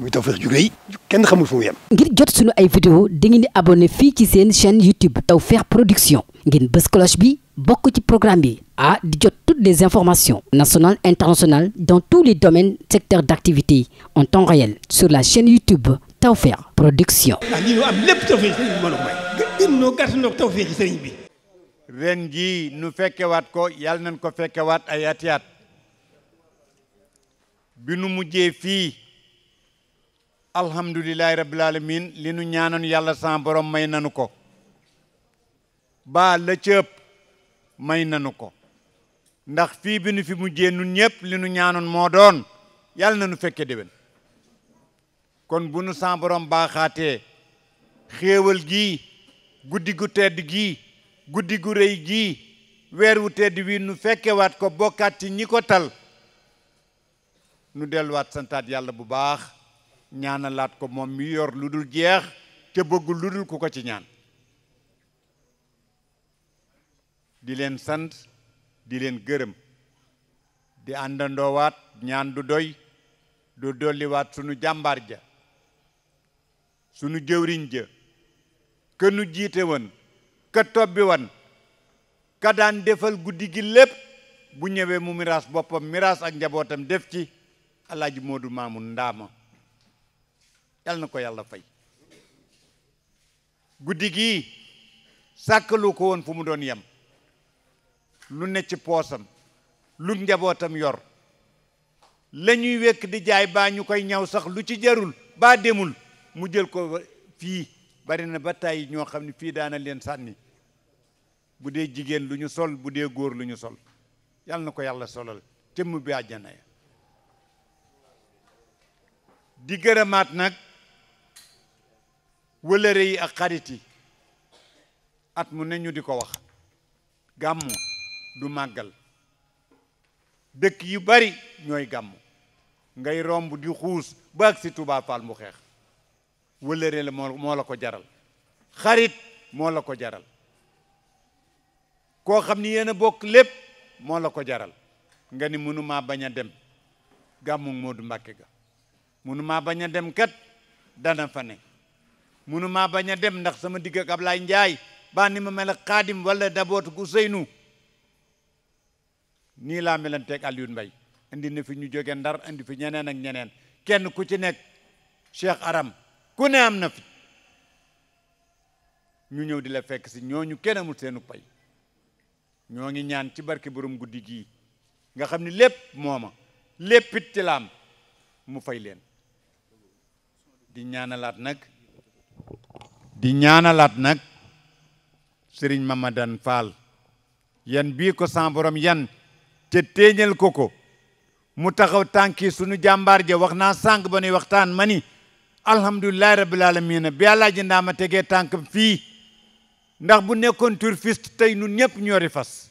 muy Tawfekh ju rëy kenn xamul fu mu yem. ngir jot sunu ay vidéo dangeen di abonné fii ci seen chaîne YouTube Tawfekh Production ngeen bës cloche bi bokk ci programme bi ah di jot toutes les informations nationales internationales dans tous les domaines secteurs d'activité en temps réel sur la chaîne YouTube Tawfekh Production. ah lii am lépp Tawfekh sëriñ bi mën nu fekkewaat ko yàlla nañ ko fekkewaat ay atiyaat bi nu mujjee fii. alhamdulillahi rabbil alamin li nu ñaanoon yàlla san may nanu ko baa la may nanu ko ndax fii bi nu fi mujjee nun ñëpp li nu ñaanoon moo doon yàlla na nu fekke déwén kon bu nu san borom baaxaatee xéewal gii guddi gu tedd gii guddi gu rëy gii weer wu tedd wi nu fekkewaat ko bokkaat ci ñi ko tal nu delluwaat santaat yàlla bu baax ñaana laat ko moom mi yor lu dul jeex te bëggul lu dul ku ko ci ñaan di leen sant di leen gërëm di àndandoowaat ñaan du doy du dolliwaat sunu jàmbaar ja sunu jëwriñ ja ka jiite woon ka tobbi woon ka daan defal guddi gi lépp bu ñëwee mu miraas boppam miraas ak njabootam def ci alaaji Moodu Maamun Ndaama yal na ko yàlla fay guddi gii sàkkalu ko woon fu mu doon yem lu ne poosam lu njabootam yor la ñuy wekk di jaay baa ñu koy ñaw sax lu ci jarul baa demul mu jël ko fii bari na ba tàyyi ñoo xam ne fii daana leen sànni bu dee jigéen lu ñu sol bu dee góor lu ñu sol yal na ko yàlla solal te mu bi àjjana ya di gërëmaat nag wëlëre yi ak xarit yi at mu ne ñu di ko wax gàmmu du màggal dëkk yu bari ñooy gàmmu ngay romb di xuus ba ak si Touba Fall mu xeex wëlëre la moo la ko jaral xarit moo la ko jaral koo xam ni yéen a bokk lépp moo la ko jaral nga ni mënumaa bañ a dem gàmmu Moodu Mbàkke ga mënumaa bañ a dem kat dana fa ne mënumaa bañ a dem ndax sama digg ab Ablaay Njaay baa ni ma mel ak walla wala daboot ku Seynu nii laa melanteeg Alioune Mbaye indi na fi ñu jóge Ndar indi fi ñeneen ak ñeneen kenn ku ci nekk Cheikh Aram ku ne am na fi ñu ñëw di la fekk si ñooñu kenn amul seenu pay ñoo ngi ñaan ci barke borom guddi gii nga xam ni lépp mooma léppit ci mu fay leen di ñaanalaat nag di ñaanalaat nag sëriñ Mamadan Fall yan bii ko sa yan te téeñal ko ko mu taxaw tànki suñu jàmbaar ja wax naa sànq ba nuy waxtaan ma ni alhamdulilahi rabbil alamina bi yàllaa ndaa ma tegee tànk fii ndax bu nekkoon turfiste tey nu ñëpp ñoori fas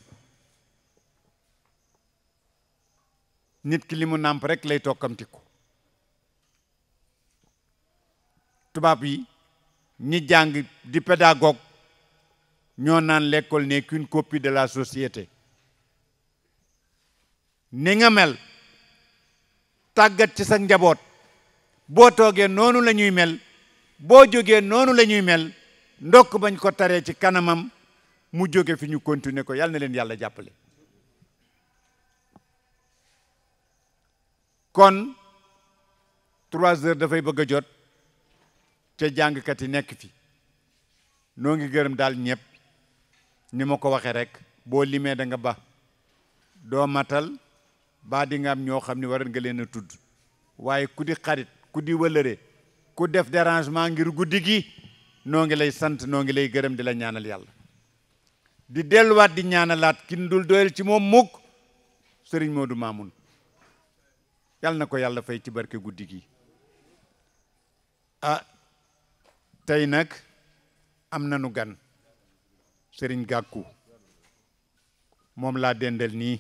nit ki li mu nàmp rek lay tokkamtiku tubaab yi ñi jàng di pédagogue ñoo naan lekkool n'est qu'une copie de la société ni nga mel tàggat ci sa njaboot boo toogee noonu lañuy mel boo jógee noonu la ñuy mel ndokk bañ ko taree ci kanamam mu jóge fi ñu continuer ko yàlla na leen yàlla jàppale kon trois heures dafay bëgg a jot te jàngkat yi nekk fi noo ngi gërëm daal ñépp ni ma ko waxee rek boo limee danga ba doo matal baa di nga am ñoo xam ni war nga leen a tudd waaye ku di xarit ku di wëlëre ku def dérangement ngir guddi gi noo ngi lay sant noo ngi lay gërëm di la ñaanal yàlla di delluwaat di ñaanalaat kin dul doyal ci moom mukk sëriñ Modou Mamoun yàlla na ko yàlla fay ci barke guddi gi ah, tey nag am nanu gan sëriñ gàkku moom laa dendal nii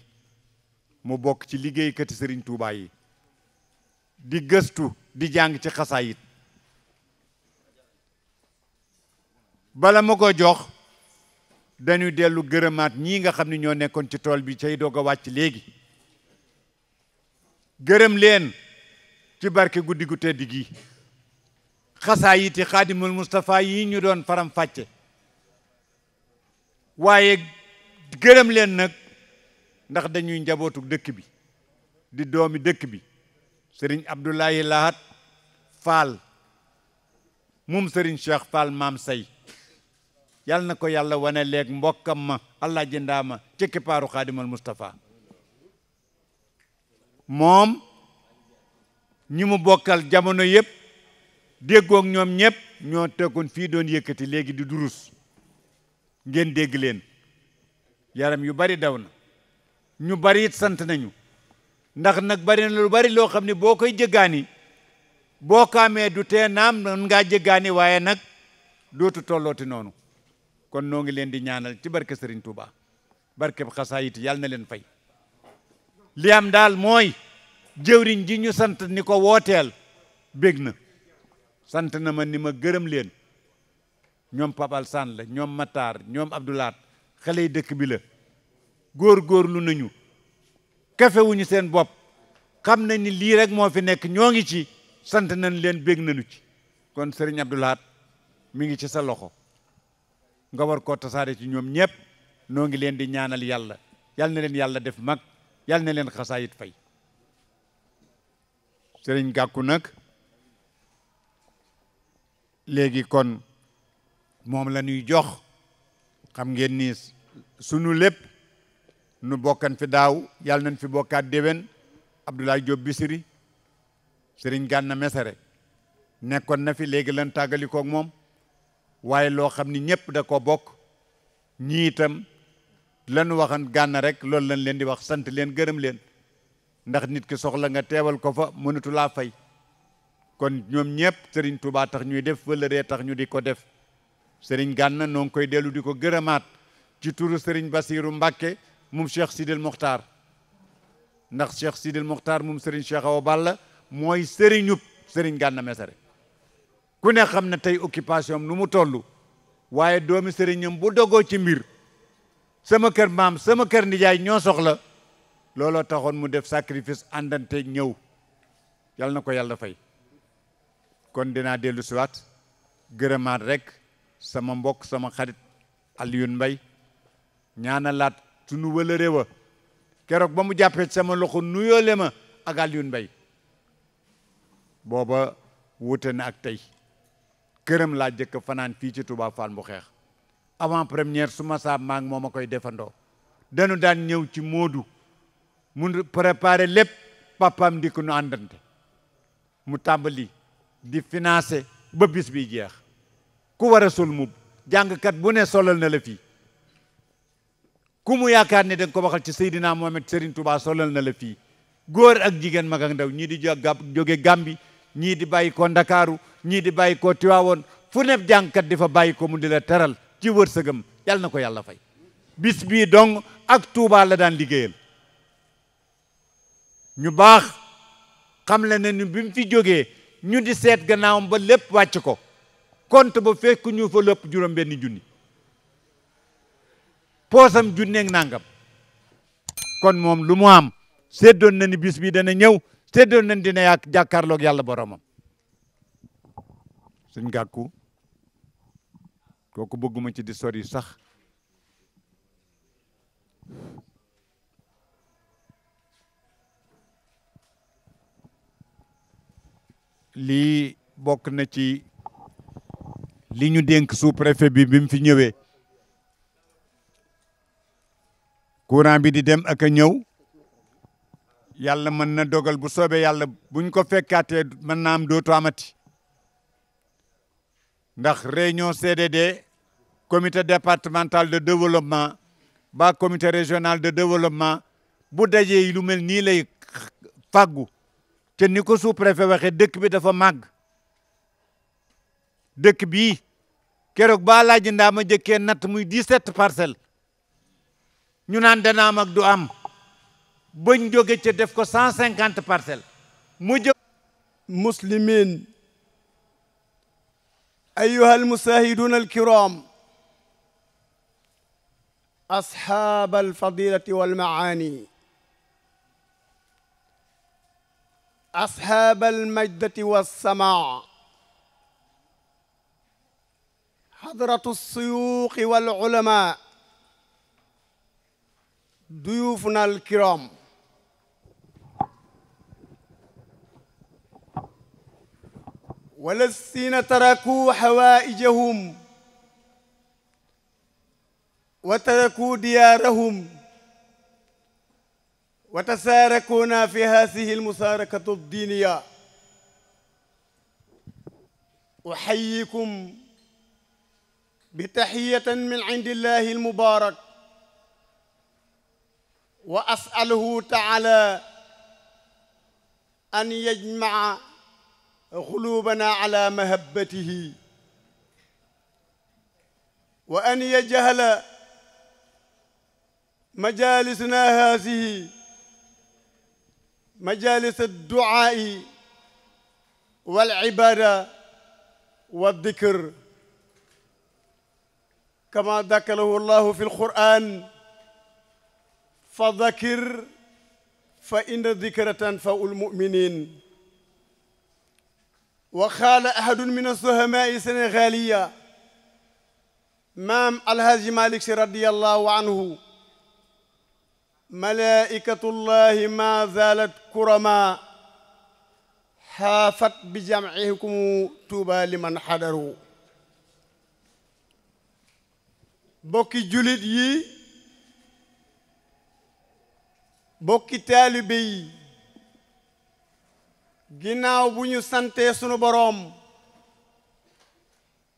mu bokk ci liggéeykati sëriñ Touba yi di gëstu di jàng ci xasaayit bala ma ko jox dañu dellu gërëmaat ñi nga xam ne ñoo nekkoon ci tool bi cay doog a wàcc léegi gërëm leen ci barke guddi gu tedd gi xasaayiti xaadimul Moustapha yi ñu doon faram fàcce waaye gërëm leen nag ndax dañuy njabootu dëkk bi di doomi dëkk bi sëriñ Abdoulaye Lahat Fall moom sëriñ Cheikh Fall maam say yal na ko yàlla wane leeg mbokkam ma allah jëndaama ci kippaaru xaadimal Moustapha moom ñi mu bokkal jamono yëpp déggoog ñoom ñëpp ñoo teggoon fii doon yëkkati léegi du durus ngeen dégg leen yaram yu bari daw na ñu bari it sant nañu ndax nag bari na lu bari loo xam ne boo koy jëggaani boo kaamee du tee naam mën ngaa jëggaani waaye nag dootu tollooti noonu kon noo ngi leen di ñaanal ci barke Serigne Touba barke xasaayit yàlla na leen fay li am daal mooy jëwriñ ji ñu sant ni ko wooteel bég na sant na ma ni ma gërëm leen ñoom Papa Alsaan la ñoom mataar ñoom Abdoulaat xale yi dëkk bi la góor góorlu nañu kafewuñu seen bopp xam nañ ni lii rek moo fi nekk ñoo ngi ci sant nañ leen bég nañu ci kon sëriñ Abdoulaat mu ngi ci sa loxo nga war koo tasaare ci ñoom ñëpp noo ngi leen di ñaanal yàlla yàlla na leen yàlla def mag yàlla na leen xasaayit fay sëriñ gàkku nag léegi kon moom la jox xam ngeen ni sunu lépp nu bokkan fi daaw yàlla nañ fi bokkaat déwén Abdoulaye Diop Bichri Serigne Gana Messere nekkoon na fi léegi lan tàggalikook moom waaye loo xam ni ñëpp da ko bokk ñii itam lanu waxan Gana rek loolu lañ leen di wax sant leen gërëm leen ndax nit ki soxla nga teewal ko fa mënatu laa fay kon ñoom ñëpp Serigne Touba tax ñuy def wëllëree tax ñu di ko def Serigne Gana noo ngi koy dellu di ko gërëmaat ci turu Serigne Bassirou Mbacké mum Cheikh Sidil Mokhtar ndax Cheikh Sidil Mokhtar moom Serigne Cheikh Awa Balla mooy Serigne ñub Serigne Gana ku nekk xam ne tey occupation nu mu toll waaye doomi sëriñam bu dogoo ci mbir sama kër mbaam sama kër nijaay ñoo soxla looloo taxoon mu def sacrifice àndanteeg ñëw yal na ko yàlla fay kon dinaa dellu siwaat gërëmaat rek sama mbokk sama xarit Alioune Mbaye ñaanalaat sunu wëla réewa keroog ba mu jàppee sama loxo nuyoole ma ak Alioune Mbaye booba wuute na ak tey këram laa jëkk fanaan fii ci Touba Fall bu xeex avant première su ma saa maa ngi moo ma koy defandoo dañu daan ñëw ci Moodu mun préparé lépp papaam di nu àndante mu tàmbali di financé ba bis bi jeex ku war a sol mub jàngkat bu ne solal na la fii ku mu yaakaar ni da ko waxal ci Seydina Mohamed Serigne Touba solal na la fii góor ak jigéen mag ak ndaw ñii di jóge Gàmbi ñii di bàyyi ko Ndakaaru ñii di bàyyi ko Tiwaawoon fu nekk jàngkat di fa bàyyi ko mu di la teral ci wërsëgam yal na ko yàlla fay bis bii dong ak Touba la daan liggéeyal ñu baax xam la ne ni bi mu fi jógee ñu di seet gannaawam ba lépp wàcc ko compte ba fekk ñu fa lépp juróom benn junni poosam junneeg nangam kon moom lu mu am seddoon na ni bis bi dana ñëw seddoon na ni dina yàq jàkkaarloog yàlla boromam suñ gàkku kooku bëgguma ci di sori sax lii bokk na ci li ñu dénk sous bi bi mu fi ñëwee courant bi di dem ak ñëw yàlla mën na dogal bu soobee yàlla buñ ko fekkaatee mën naa am dootu amati ndax réunion CDD comité départemental de développement ba commité régional de développement bu dajee lu mel nii lay fàggu te ni ko sous-préfet waxee dëkk bi dafa màgg dëkk bi keroog ba laaji ndaa ma jëkkee natt muy 17 parcelles ñu naan dana du am bañ jóge ca def ko 150 parcelles mu jë muslimin أيها المشاهدون الكرام أصحاب الفضيلة والمعاني asxaab almajdati walsamaa xadratu suyuuqi walulama duyuufuna alkiram walasiina tarakuu xawaaijahum wa tarakuu diyaarahum wa tasaarakuuna fi haadihi almusaarakatu addiiniya uxayyikum bi taxiyatan min cindi illahi almubaarak wa as'aluhu tacaala an yajmaca quluubana cala mahabbatihi wa an yajhala majaalisuna haadihi majalis adduaai walibada wa dikr kama dakkalahu llahu fi lquran fa dakir fa inna dikra tanfau lmuminin wa qaala ahadun min assuhamai sénégaliya maam alhaji malik si radiallahu anhu malaikatullahi ma zalat kurama xaafat bi jamcihikum tuuba liman xadaru bokki julit yi bokki taalibe yi ginnaaw bu ñu santee sunu boroom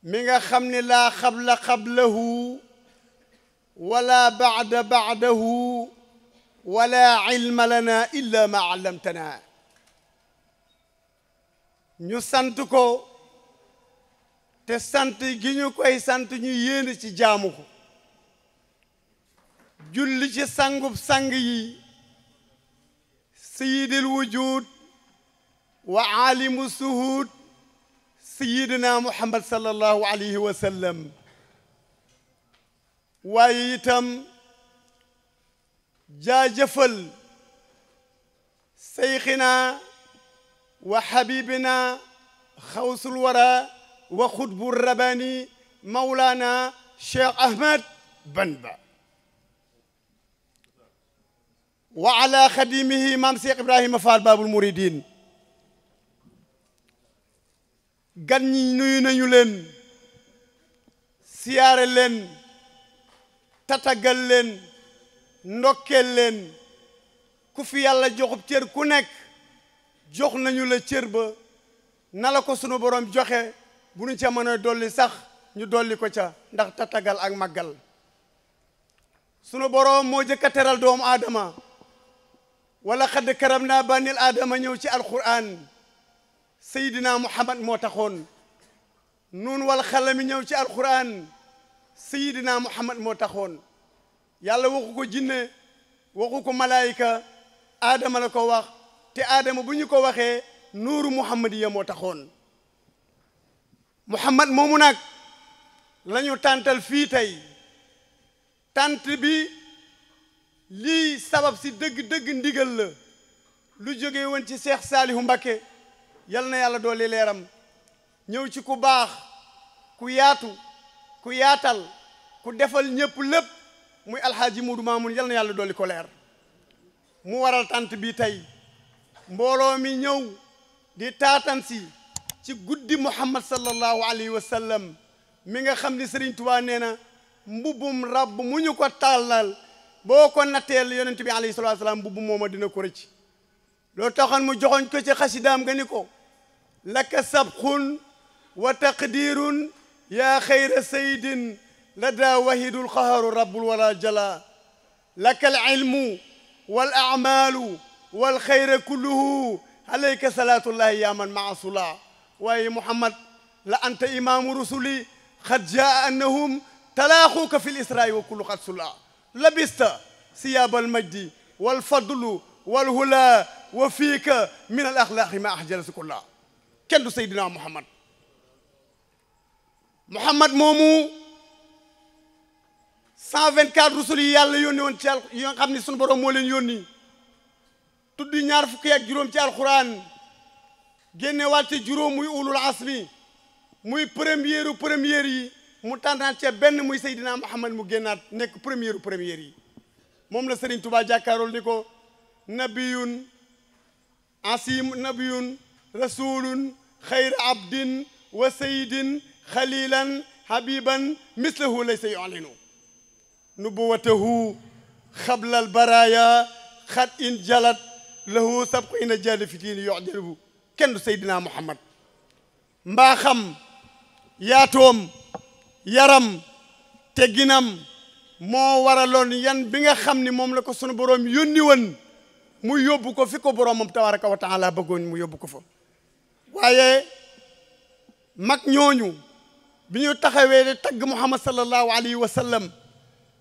mi nga xam ne laa xabla xablahu wala baada baadahu wala ilma lana illa ma allamtana ñu sant ko te sant gi ñu koy sant ñu yéene ci jaamuko ko julli ci sangub sang yi sayidil wujud wa alimu suhud sayidina muhammad sallallahu alayhi wa sallam waaye itam jaajëfal sayxinaa wa xabibinaa xawsul wara wa xutbu rabani maulana cheikh ahmad banba wa ala xadimihi maam cheikh ibrahima fall babul muridin gan ñi nuyu nañu leen siyaare leen tatagal leen ndokkeel leen ku fi yàlla joxub cër ku nekk jox nañu la cër ba na ko sunu borom joxe bu ñu ca mën a dolli sax ñu dolli ko ca ndax tatagal ak màggal sunu borom moo jëkk teral doomu aadama walla xadd karam naa bànnil aadama ñëw ci alquran seydina muhammad moo taxoon nun wal xalami ñëw ci alquran mu muhammad moo taxoon yàlla waxu ko jinne waxu ko malaayika aadama la ko wax te aadama bu ñu ko waxee nuuru muhammad moo taxoon muhammad moomu nag lañu tàntal fii tey tant bi lii sabab si dëgg-dëgg ndigal la lu jóge woon ci seex saalihu mbakke yal na yàlla doole leeram ñëw ci ku baax ku yaatu ku yaatal ku defal ñëpp lépp muy alxaaji Muudu Maamun yal na yàlla dolli ko leer mu waral tant bi tey mbooloo mi ñëw di taatansi ci guddi muhammad sallallahu alayhi wa sallam mi nga xam ni Serigne Touba nee na mbubbum rab mu ñu ko tàllal boo ko natteel yonent bi alayhi salatu mbubbum mooma dina ko rëcc loolu taxoon mu joxoñ ko ci xasidaam nga ni ko laka sabxun wa taqdirun yaa xayra saydin لدى وهد القهر رب الورى جلا لك العلم والأعمال والخير كله عليك صلاة الله يا من مع صلاة وي محمد لأنت إمام رسلي قد جاء أنهم تلاقوك في الإسراء وكل قد صلاة لبست ثياب المجد والفضل والهلا وفيك من الأخلاق ما أحجلت كلها كندو سيدنا محمد محمد مومو cent vingt quatre rusul yi yàlla yónni woon ci al yi nga xam ne sunu borom moo leen yónni tudd ñaar fukki ak juróom ci alxuraan génne wàtte juróom muy ulul asmi muy première première yi mu tànnaat ca benn muy Seydina Muhammad mu génnaat nekk première première yi moom la Serigne Touba jàkkaarool ni ko nabiyun asim nabiyun rasulun xayr abdin wa saydin xalilan habiban mislahu laysa yu'linu nubuwatahu xablal baraya xat in jalat lahu sabqu ina jada fitiini yoxjalibu kenn du seydina muhammad mbaaxam yaatoom yaram tegginam moo waraloon yan bi nga xam ni moom la ko sunu boroom yónni woon mu yóbbu ko fi ko boroomam tabaraka wa taala bëggoon mu yóbbu ko fa waaye mag ñooñu bi ñu taxawee de tagg muhammad sallallahu alayhi wa sallam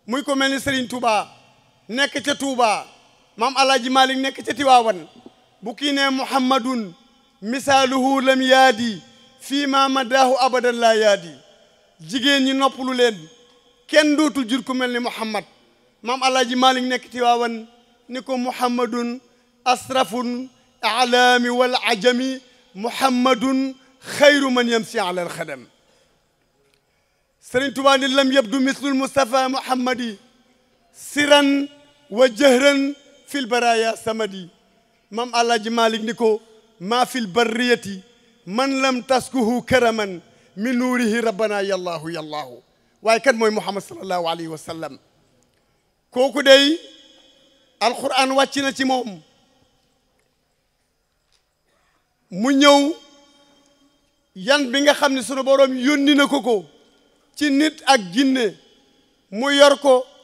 muy ko mel ni Serigne Touba nekk ca Touba maam Alaaji Malik nekk ca Tiwaawan bu kii ne Muhammadun misaaluhu lam yaadi fii ma madaahu abadan laa yaadi jigéen ñi noppalu leen kenn dootul jur ku mel ni Muhammad maam Alaaji Malik nekk Tiwaawan ni ko Muhammadun asrafun alaami wal ajami Muhammadun xayru man yamsi ala alxadam sëriñ Tuubaa ni lam yabdu mislul Mustafa Muhammadi siran wa jëhran fil baraya samadi mam Alaaji Malik ko maa fil barriyati man lam taskuhu karaman min nuurihi rabbana yallaahu yallaahu waaye kan mooy Muhammad sallallahu alayhi wa kooku day alquran wàcc ci moom mu ñëw yan bi nga xam ne sunu boroom yónni na ko ko ci nit ak jinne mu yor ko